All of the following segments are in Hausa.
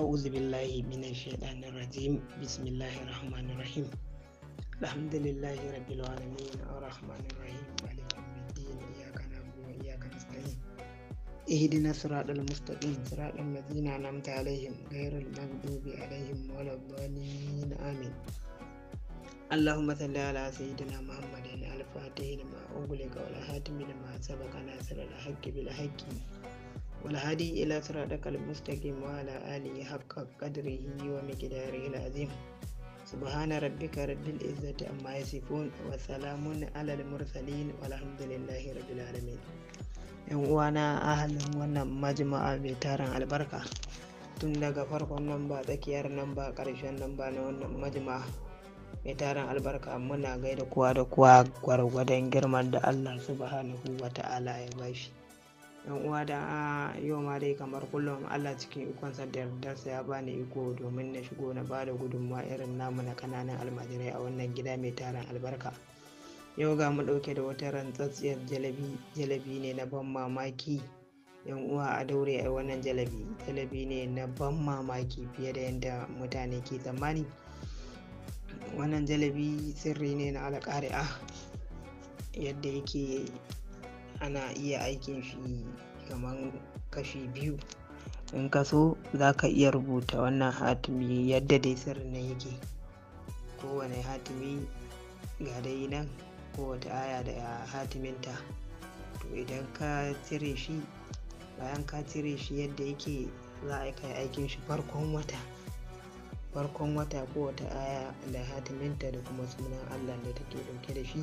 Auzubillahi min asheɗan irrajinmu,bismillahi irraxmanirrahim. Alhamdulillahi rabbi lawani na irraxmanirrahimu,alihamdu na ɗiɗin,iyakan haguwa iyakan saye. Iyahi dina suradar Musa taɓin. Suradar mai zina namta alahim, gairan na zube alahim, molaɓe wani yi na amin. Allahuma Talle ala Sayyidina Muhammadu ne alfate ne ma a ungule ka wale. Ha timinin ma a tsaba da hakki biyu a walhadi ila sura da kal mustaqim wa ala ali haqqa qadrihi wa miqdari al azim subhana rabbika rabbil izzati amma yasifun wa salamun ala al mursalin walhamdulillahi rabbil alamin yan uwana ahalin wannan majma'a mai taron albarka tun daga farkon nan tsakiyar nan karshen nan na wannan majma'a mai taron albarka muna gaida kowa da kowa gwargwadon girma da allah subhanahu wa ta'ala ya bashi yan uwa da a ah, yau ma dai kamar kullum Allah cikin sa da yardarsa ya bani iko domin na shigo na bada gudunmawa irin namu na kananan almajirai a wannan gida mai tarin albarka yau ga mu ɗauke da wata rantsatsiyar jalabi jalabi ne na ban mamaki yan uwa a daure a wannan jalabi jalabi ne na ban mamaki fiye da yadda mutane ke tsammani wannan jalabi sirri ne na alƙari'a yadda yake ana iya aikin shi kamar kashi biyu in ka so za ka iya rubuta wannan hatimi yadda dai sirrin na yake kowane hatimi ga dai nan kowata aya da hatiminta to idan ka cire shi bayan ka cire shi yadda yake za a kai aikin shi farkon wata farkon wata kowata aya da hatiminta da kuma sunan allah da take dauke da shi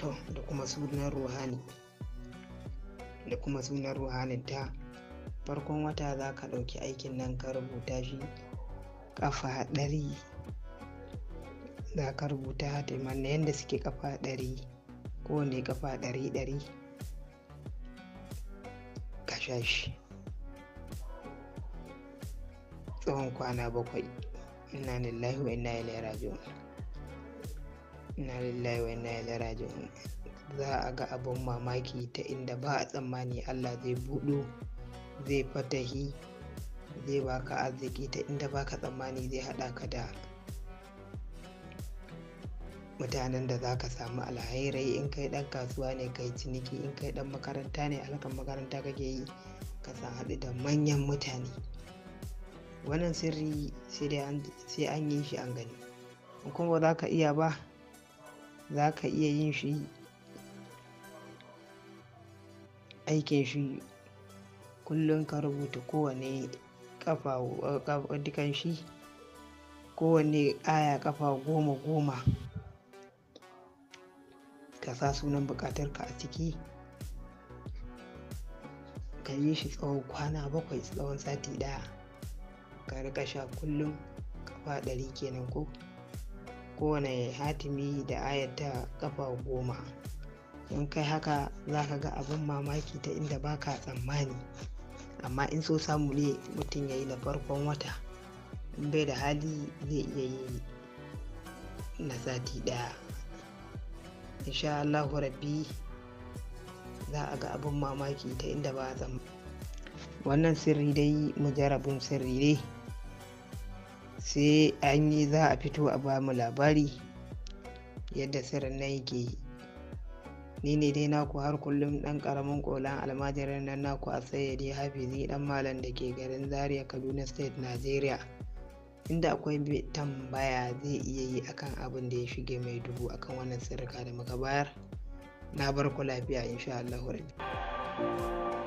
to da kuma sunan ruhani da kuma sunan ruhanin ta farkon wata za ka ɗauki aikin nan ka rubuta shi ƙafa ɗari za ka rubuta hatiman na yadda suke ƙafa ɗari kowane ƙafa ɗari ɗari ka sha shi tsawon kwana bakwai inna lillahi wa inna ilaihi raji'un na lillahi wa inna ilaihi za a ga abun mamaki ta inda ba a tsammani Allah zai budo zai fatahi zai baka arziki ta inda ba ka tsammani zai haɗa ka da mutanen da za ka samu alhairai in kai dan kasuwa ne kai ciniki in kai dan makaranta ne alkan makaranta kake yi ka san haɗu da manyan mutane wannan sirri sai an yi shi an gani kuma ba za ka iya ba za ka iya yin shi aikin shi kullum ka rubuta kowane kafa dukan shi kowane aya kafa goma goma ka sa sunan bukatarka a ciki ka yi shi tsawon kwana bakwai tsawon sati daya ka rika sha kullum kafa ɗari kenan ko kowane hatimi da ta kafa goma in kai haka za ka ga abin mamaki ta inda baka tsammani amma in so samu ne mutum ya yi na farkon wata in bai da hali zai iya yi na sati daya insha Allah rabbi za a ga abin mamaki ta inda ba tsammani. wannan sirri dai mujarabin sirri ne sai an yi za a fito a ba mu labari yadda sirrin na yake yi ni ne dai naku har kullum dan karamin kolan almajirin nan naku a sayyade hafizi dan malam da ke garin zaria kaduna state nigeria inda akwai tambaya zai iya yi akan abin da ya shige mai dubu akan wannan sirrika da muka bayar na bar ku lafiya insha allahu rabi